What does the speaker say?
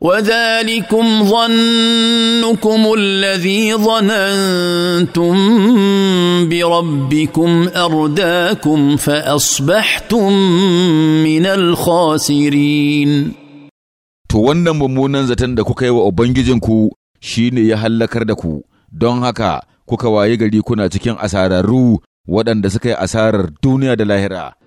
وذلكم ظنكم الذي ظننتم بربكم ارداكم فاصبحتم من الخاسرين to wannan mummunan zaton da kuka yi wa ubangijinku shine ya hallakar da ku don haka kuka waye gari kuna cikin asararru waɗanda suka yi asarar duniya da lahira